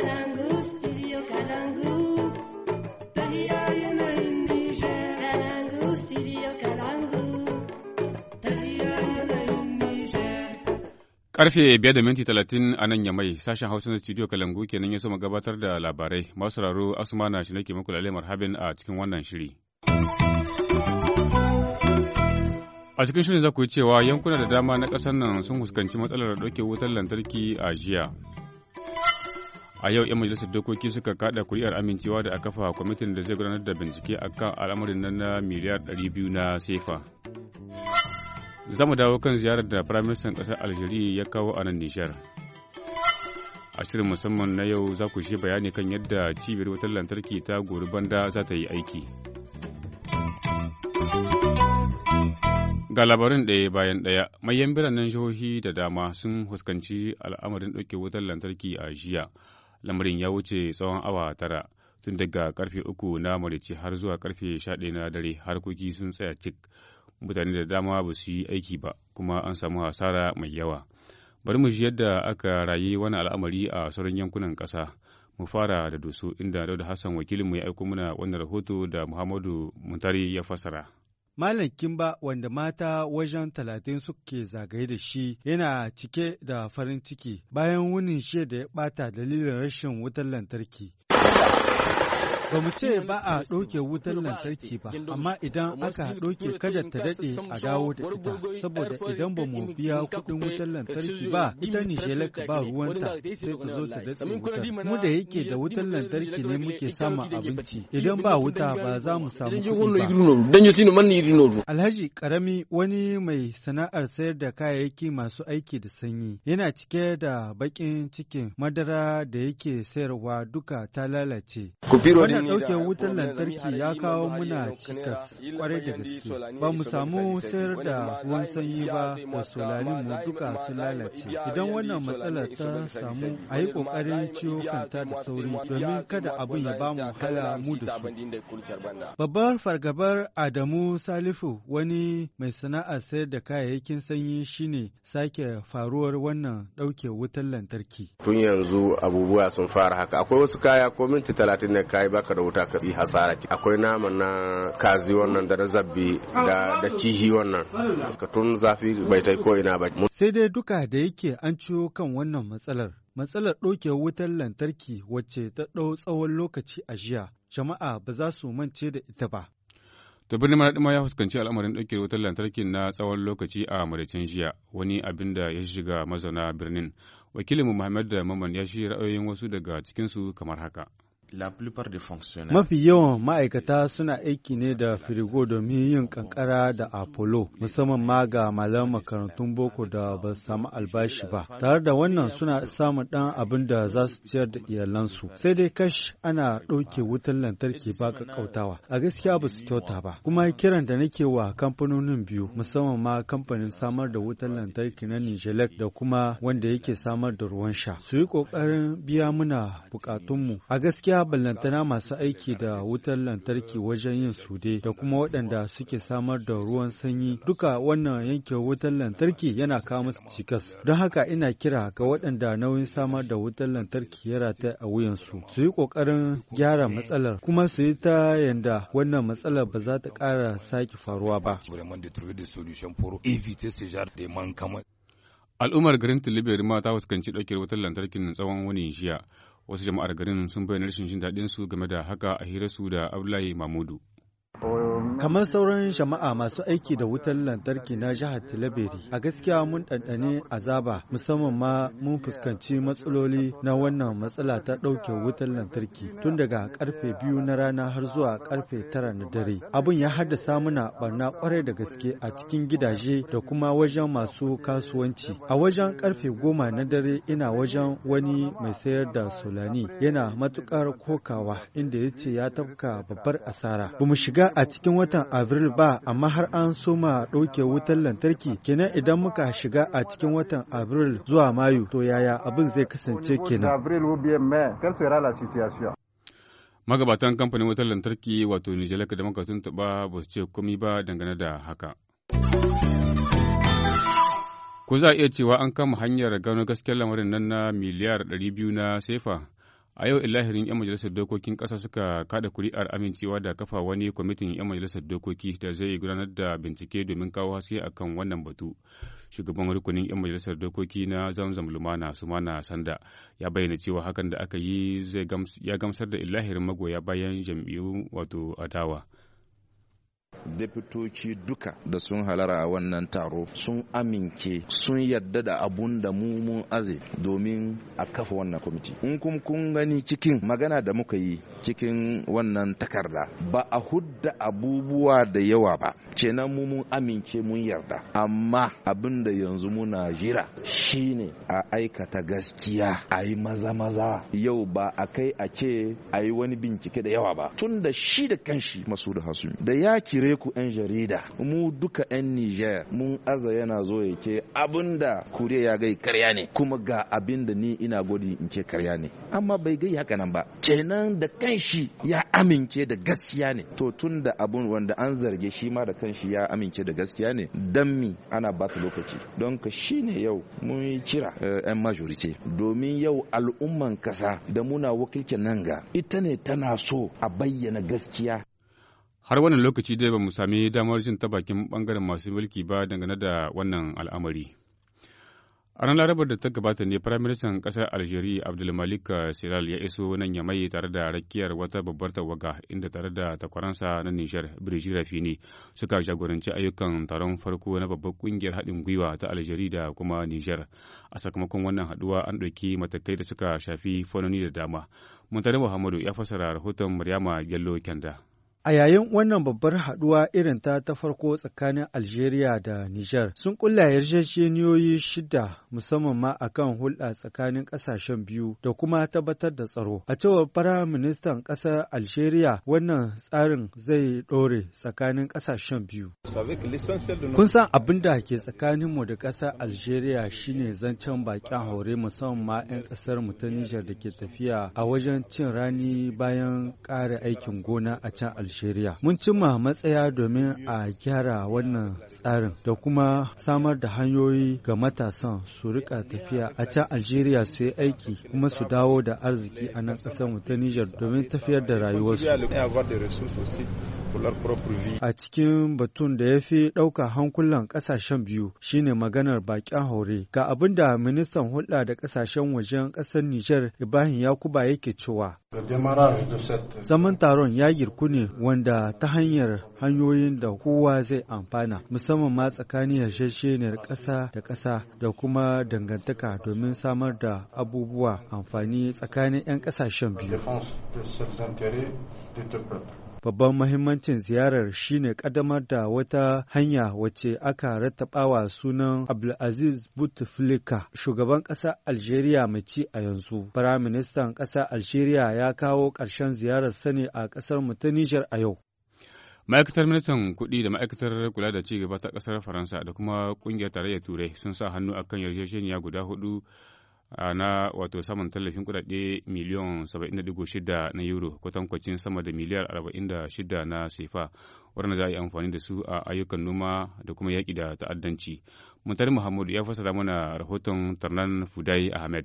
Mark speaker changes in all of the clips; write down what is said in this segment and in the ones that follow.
Speaker 1: biya
Speaker 2: Karfe biyar da minti talatin a nan yamai sashen Hausa na studio Kalangu kenan ya soma gabatar da labarai. Masu raro Asuma na shi nake muku lalemar marhabin a cikin wannan shiri. A cikin shirin za yi cewa yankuna da dama na ƙasar nan sun fuskanci matsalar ɗauke wutar lantarki a jiya. a yau 'yan majalisar dokoki suka kada kuri'ar amincewa da a kafa kwamitin da zai gudanar da bincike a kan al'amarin nan na miliyar 200 na sefa za mu dawo kan ziyarar da firaministan kasar algeria ya kawo a nan nishar a shirin musamman na yau za ku shi bayani kan yadda cibiyar wutar lantarki ta gori banda za ta yi aiki ga labarin ɗaya bayan ɗaya mayan biranen jihohi da dama sun fuskanci al'amarin ɗauke wutar lantarki a jiya lamarin ya wuce tsawon awa tara tun daga karfe uku na marici har zuwa karfe sha na dare harkoki sun tsaya cik mutane da dama ba su yi aiki ba kuma an samu hasara mai yawa bari mu ji yadda aka rayu wani al'amari a sauran yankunan ƙasa mu fara da dusu inda dauda hassan wakilinmu ya aiko mana wannan rahoto da muhammadu muntari ya fassara.
Speaker 1: Malam Kimba wanda mata wajen talatin suke zagaye da shi yana cike da farin ciki bayan wunin shi da ya ɓata dalilin rashin wutar lantarki. Ba mu ce ba a ɗauke wutar lantarki ba, amma idan aka ɗauke kada ta daɗe a dawo da ita, saboda idan ba mu biya kuɗin wutar lantarki ba, ita shelaka ba ruwanta sai ta zo ta datse wutar. Mu da yake da wutar lantarki ne muke sama abinci, idan ba wuta ba za mu samu kuɗi ba. Alhaji Karami wani mai sana'ar sayar da kayayyaki masu aiki da sanyi yana cike da baƙin cikin madara da yake sayarwa duka ta lalace. Wannan ɗauke wutar lantarki ya kawo muna cikas kwarai da gaske. Ba mu samu sayar da ruwan sanyi ba da solarin mu duka sun lalace. Idan wannan matsala ta samu a yi ƙoƙarin ciwo kanta da sauri domin kada abin ya ba mu hala mu da su. Babbar fargabar Adamu Salifu wani mai sana'a sayar da kayayyakin sanyi shine sake faruwar wannan ɗauke wutar lantarki.
Speaker 2: Tun yanzu abubuwa sun fara haka akwai wasu kaya ko minti talatin ne kayi baka ka da wuta ka yi hasara akwai nama na kazi wannan da na zabbi da da wannan ka tun zafi bai tai ko ina ba
Speaker 3: sai dai duka
Speaker 1: da yake an ciwo kan wannan matsalar matsalar ɗauke wutar lantarki wacce ta ɗau tsawon lokaci a jiya jama'a ba za su mance da ita ba
Speaker 2: Ta birnin Maraɗima ya fuskanci al'amarin ɗauke wutar lantarkin na tsawon lokaci a Maraicen jiya wani abin da ya shiga mazauna birnin. Wakilin Muhammad da Maman ya shi ra'ayoyin wasu daga cikinsu kamar haka. Mafi
Speaker 1: yawan ma'aikata suna aiki ne da firigo domin yin kankara da Apollo, musamman ma ga malam makarantun boko da ba samu albashi ba. Tare da wannan suna samun ɗan abin da za su ciyar da iyalansu. Sai dai kash ana ɗauke wutar lantarki ba ƙautawa. A gaskiya ba su kyauta ba. Kuma kiran da nake wa kamfanonin biyu, musamman ma kamfanin samar da wutar lantarki na Nijelek da kuma wanda yake samar da ruwan sha. Su yi ƙoƙarin biya muna buƙatunmu. A gaskiya Yara ballantana masu aiki da wutar lantarki wajen yin sude da kuma waɗanda suke samar da ruwan sanyi duka wannan yankin wutar lantarki yana kawo musu cikas. Don haka ina kira ga waɗanda nauyin samar da wutar lantarki ya rata a wuyansu su yi ƙoƙarin gyara matsalar kuma su yi ta yanda wannan matsalar ba za ta ƙara sake faruwa ba.
Speaker 2: Al'ummar garin Tilibiyar ma ta fuskanci ɗaukar wutar lantarkin tsawon wani jiya. wasu jama'ar garin sun bayyana rashin jin daɗinsu game da haka a su da abdullahi mamudu
Speaker 1: Kamar sauran jama'a masu aiki da wutar lantarki na jihar Tilaberi, a gaskiya mun ɗanɗane azaba musamman ma mun fuskanci matsaloli na wannan matsala ta ɗauke wutar lantarki tun daga karfe biyu na rana har zuwa karfe tara na dare. Abin ya haddasa muna barna kwarai da gaske a cikin gidaje da kuma wajen masu kasuwanci. A wajen karfe goma na dare ina wajen wani mai sayar da solani yana matukar kokawa inda ya ce ya tafka babbar asara. Bamu shiga a cikin cikin watan Abril ba, amma har an soma ɗauke wutar lantarki, kenan idan muka shiga a cikin watan Abril zuwa Mayu, to yaya abin zai
Speaker 3: kasance kenan.
Speaker 2: Magabatan kamfanin wutar lantarki wato Nijalaka da muka tuntuɓa ba su ce komi ba dangane da haka. Ko za a iya cewa an kama hanyar gano gaskiyar lamarin nan na miliyar 200 na sefa? a yau ilahirin 'yan majalisar dokokin ƙasa suka kada kuri'ar amincewa da kafa wani kwamitin 'yan majalisar dokoki da zai gudanar da bincike domin kawo haske a kan wannan batu shugaban rukunin 'yan majalisar dokoki na zamzam lumana sumana sanda ya bayyana cewa hakan da aka yi ya gamsar da ilahirin magoya bayan jam'iyyu wato adawa
Speaker 3: Deputoci duka da sun halara a wannan taro sun amince sun yadda da abun da mu mun aze domin a kafa wannan kwamiti in kuma kun gani cikin magana da muka yi cikin wannan takarda ba a hudda abubuwa da yawa ba kenan mu mun amince mun yarda amma abin da yanzu muna jira shine a aikata gaskiya a yi maza maza yau ba a kai a ce a yi wani bincike da yawa ba tun da shi da kanshi masu da hasu da ya kire ku 'yan jarida mu duka 'yan niger mun aza yana zo ya ke abin da kure ya gai karya ne kuma ga abin da ni ina godi in ce karya ne amma bai gai haka nan ba kenan da kanshi ya amince da gaskiya ne to tun da abun wanda an zarge shi ma da kan shi ya amince da gaskiya ne dan mi ana bata lokaci don ka shine yau mun kira eh, yan majority domin yau al'umman kasa da muna wakilke nan ga ita ne tana so a bayyana gaskiya
Speaker 2: har wannan lokaci dai ba mu sami damar jin ta bakin bangaren masu mulki ba dangane da wannan al'amari. A ranar Larabar da ta gabata ne Ministan ƙasar Aljeri Abdulmalik Siral ya iso nan ya mai tare da rakiyar wata babbar tawaga inda tare da takwaransa na Nijar Birji Rafini suka jagoranci ayyukan taron farko na babbar ƙungiyar haɗin gwiwa ta Algeria da kuma Nijar. A sakamakon wannan haɗuwa an ɗauki matakai da suka shafi fanoni da dama. Muntare Muhammadu ya fassara rahoton Maryama Gello Kenda.
Speaker 1: A yayin wannan babbar haɗuwa irin ta ta farko tsakanin Algeria da Nijar sun kulla yarjejeniyoyi shida musamman ma akan hulɗa tsakanin ƙasashen biyu da kuma tabbatar da tsaro. A cewar fara Ministan ƙasar Algeria wannan tsarin zai ɗore tsakanin ƙasashen biyu. Kun san abin da ke tsakaninmu da ƙasar Algeria shine zancen baƙin haure musamman ma 'yan ƙasar mu ta Nijar da ke tafiya a wajen cin rani bayan ƙara aikin gona a can Algeria. Najeriya. Mun cimma matsaya domin a gyara wannan tsarin da kuma samar da hanyoyi ga matasan su rika tafiya a can Algeria su yi aiki kuma su dawo da arziki a nan ƙasar mu ta Nijar domin tafiyar da rayuwarsu. A cikin batun da ya fi ɗauka hankulan ƙasashen biyu shine maganar baƙin haure. Ga abin da ministan hulɗa da ƙasashen wajen ƙasar Nijar Ibrahim Yakuba yake cewa. Zaman taron ya girku ne wanda ta hanyar hanyoyin da kowa zai amfana musamman ma tsakanin yarjejeniyar ƙasa da ƙasa da kuma dangantaka domin samar da abubuwa amfani tsakanin 'yan ƙasashen biyu. babban mahimmancin ziyarar shine ƙaddamar da wata hanya wacce aka rattabawa sunan Abdulaziz Bouteflika, shugaban ƙasar Algeria mai ci a yanzu. Firaministan ƙasa Algeria ya kawo ƙarshen ziyarar sani a ƙasar mu ta Nijar a yau.
Speaker 2: ma'aikatar ministan kuɗi da ma'aikatar kula da cigaba ta ƙasar faransa da kuma ƙungiyar tarayyar turai sun sa hannu akan yarjejeniya guda hudu na wato samun tallafin kudade miliyan 70.6 na euro kwatankwacin sama da miliyar 46 na sefa waɗanda za a yi amfani da su a ayyukan noma da kuma yaƙi da ta'addanci. Muntari Muhammadu ya fassara mana rahoton Tarnan Fudai Ahmed.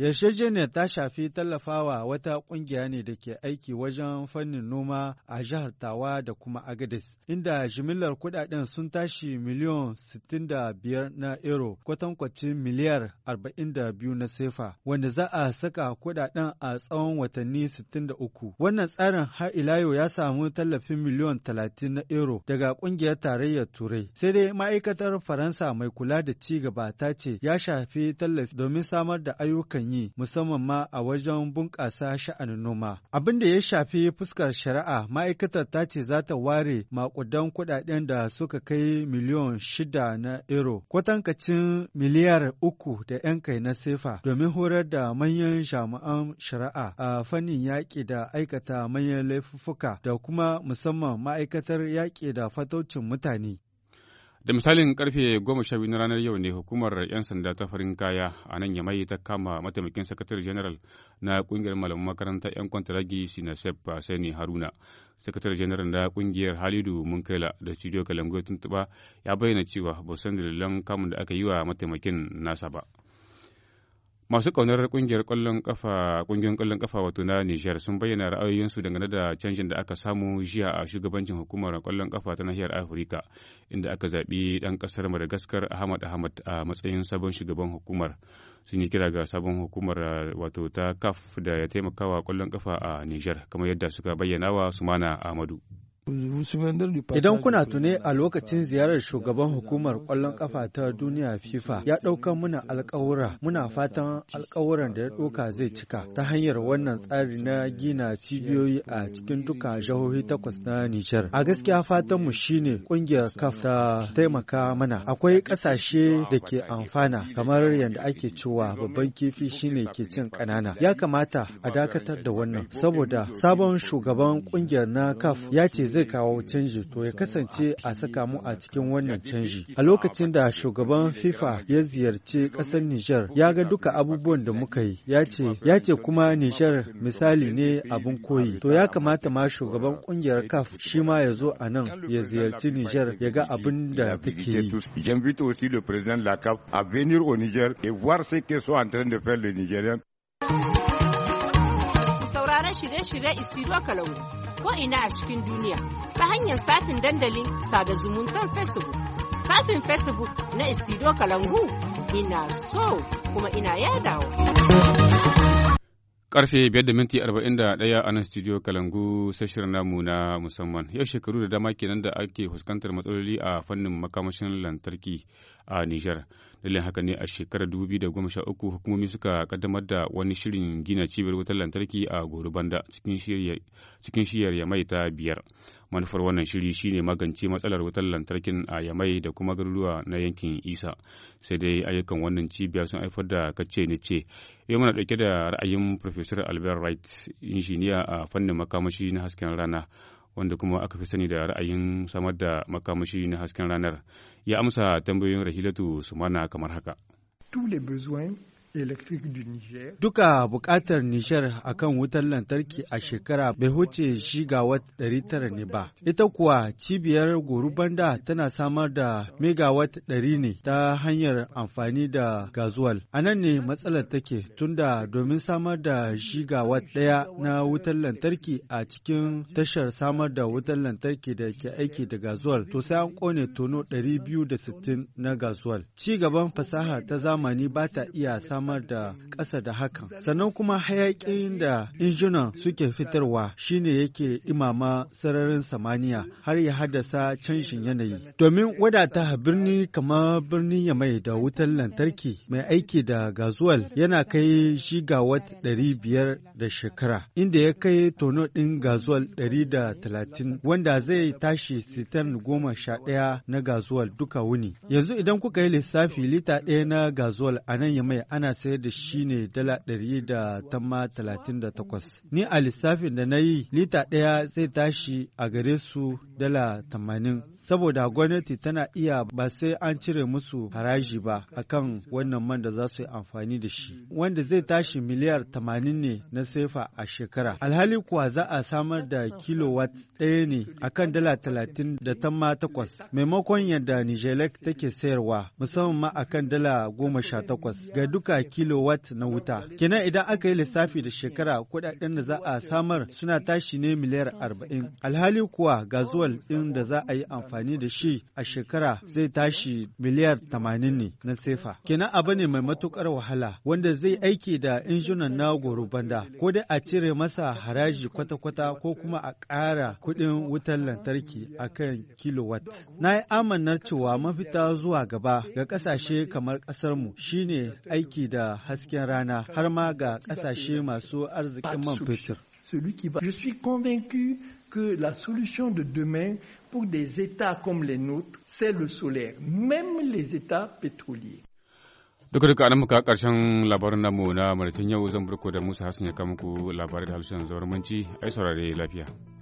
Speaker 1: Yarjejeniyar ta shafi tallafawa wata ƙungiya ne da ke aiki wajen fannin noma a jihar Tawa da kuma Agadez, inda jimillar kuɗaɗen sun tashi miliyon 65 na euro kwatankwacin miliyar 42 na sefa, wanda za a saka kuɗaɗen a tsawon watanni 63. Wannan tsarin har ilayo ya samu tallafin miliyon 30 na euro daga ƙungiyar tarayyar Turai. Sai dai ma'aikatar Faransa mai kula da ci gaba ta ce ya shafi tallafi domin samar da ayyukan yi musamman ma a wajen bunƙasa sha'anin noma. Abin da ya shafi fuskar shari'a ma'aikatar ta ce za ta ware maƙudan kuɗaɗen da suka kai miliyon shida na euro kwatankacin miliyar uku da 'yan kai na sefa domin horar da manyan jami'an shari'a a fannin yaƙi da aikata manyan laifuffuka da kuma musamman ma'aikatar yaƙi da fatocin mutane.
Speaker 2: Da misalin karfe goma sha biyu na ranar yau ne hukumar 'yan sanda ta farin kaya a nan ya mai ta kama mataimakin sakatare general na kungiyar malaman makaranta 'yan kwantaragi sinasef sani haruna sakatare general na kungiyar halidu munkaila da studio kalangoyi tuntuɓa ya bayyana cewa ba san dalilan kamun da aka yi wa mataimakin nasa ba. Masu kaunar kungiyar kwallon kafa kungiyar kwallon kafa wato na Nijar sun bayyana ra'ayoyinsu dangane da canjin da aka samu jiya a shugabancin hukumar kwallon kafa ta nahiyar Afirka inda aka zaɓi ɗan ƙasar madagaskar Ahmad Ahmad a matsayin sabon shugaban hukumar. Sun yi kira ga sabon hukumar wato ta CAF da ya taimakawa kwallon kafa a niger kamar yadda suka bayyana wa Sumana Ahmadu.
Speaker 1: Idan kuna tune a lokacin ziyarar shugaban hukumar ƙwallon ƙafa ta duniya FIFA ya ɗauka muna alƙawura, muna fatan alƙawuran da ya ɗauka zai cika ta hanyar wannan tsari na gina cibiyoyi a cikin duka jihohi takwas na Nijar. A gaskiya fatan mu shine ƙungiyar kaf ta taimaka mana. Akwai ƙasashe da ke amfana kamar yadda ake cewa babban kifi shine ke cin ƙanana. Ya kamata a dakatar da wannan saboda sabon shugaban ƙungiyar na kaf ya ce zai zai kawo canji to ya kasance a saka mu a cikin wannan canji. A lokacin da shugaban FIFA ya ziyarci ƙasar Nijar ya ga duka abubuwan da muka yi ya ce kuma Nijar misali ne abin koyi. To ya kamata ma shugaban ƙungiyar CAF shi ma ya zo a nan ya ziyarci Nijar ya ga abin
Speaker 3: da take yi.
Speaker 2: J'invite aussi le président de la CAF à venir au Niger et voir ce que sont en train de faire les Nigériens.
Speaker 3: Sauraron shirye-shirye Isidro Kalangu. ko'ina a cikin duniya ta hanyar safin dandalin sada zumuntar Facebook. Safin Facebook na Istido Kalangu ina so kuma ina yadawa.
Speaker 2: Karfe 5:41 a nan studio Kalangu sai shirin namu na musamman. Yau shekaru da dama kenan da ake fuskantar matsaloli a fannin makamashin lantarki. a Nijar. Dalilin haka ne a shekarar 2013 hukumomi suka kaddamar da wani shirin gina cibiyar wutar lantarki a Gorobanda cikin shiyar Yamai ta biyar. Manufar wannan shiri shine magance matsalar wutar lantarkin a Yamai da kuma garuruwa na yankin Isa. Sai dai ayyukan wannan cibiyar sun haifar da kace ne ce. Yau eh, muna ɗauke da ra'ayin Professor Albert Wright, injiniya a fannin makamashi na hasken rana. wanda kuma aka fi sani da ra'ayin samar da makamashi na hasken ranar ya amsa tambayoyin rahilatu sumana kamar haka.
Speaker 1: Duka buƙatar Nishar a kan wutar lantarki a shekara bai huce shigawatt 900 ne ba. Ita kuwa cibiyar Gorubanda tana samar da megawatt 100 ne ta hanyar amfani da gazuwal. A nan ne matsalar take tunda domin samar da shigawatt ɗaya na wutar lantarki a cikin tashar samar da wutar lantarki da ke aiki da gazuwal to sai an kone tono 260 na gazuwal. Ci gaban fasaha ta zamani ba ta iya samar samar da ƙasa da hakan. Sannan kuma hayaƙin da injunan suke fitarwa shine yake imama sararin samaniya har ya haddasa canjin yanayi. Domin wadata birni kamar birnin mai da wutar lantarki mai aiki da gazuwal yana kai gigawatt ɗari biyar da shekara, inda ya kai tono ɗin gazuwal ɗari da talatin wanda zai tashi sitan goma sha ɗaya na gazuwal duka wuni. Yanzu idan kuka yi lissafi lita ɗaya na gazuwal a nan mai ana ana sayar da shi ne dala ɗari da tamma talatin da takwas. Ni a lissafin da na yi lita ɗaya zai tashi a gare su dala tamanin. Saboda gwamnati tana iya ba sai an cire musu haraji ba akan wannan man da za su yi amfani da shi. Wanda zai tashi miliyar tamanin ne na sefa a shekara. Alhali kuwa za a samar da kilowatt ɗaya ne akan dala talatin da tamma takwas maimakon yadda Nijelek take sayarwa musamman ma akan dala goma sha takwas ga duka Kilowatt na wuta. Kenan idan aka yi lissafi da shekara kuɗaɗen da za a samar suna tashi ne miliyar arba'in. Alhali kuwa gazuwal ɗin da za a yi amfani da shi a shekara zai tashi miliyar tamanin ne na sefa. Kenan abu ne mai matukar wahala wanda zai aiki da injunan na goro banda, ko dai a cire masa haraji kwata-kwata ko kuma a ƙara kuɗin wutar lantarki a kan kilowatt? Na yi amanar cewa mafita zuwa gaba ga ƙasashe kamar ƙasarmu shine aiki da hasken rana har ma ga kasashe masu arzikin man fetur. Je suis convaincu que la solution de demain pour des États comme les nôtres, c'est le solaire, même les États pétroliers.
Speaker 2: duka duka anan muka karshen labarin namu na maritin yau zan burko da musa hassan ya kama muku labarai da harshen ai saurare lafiya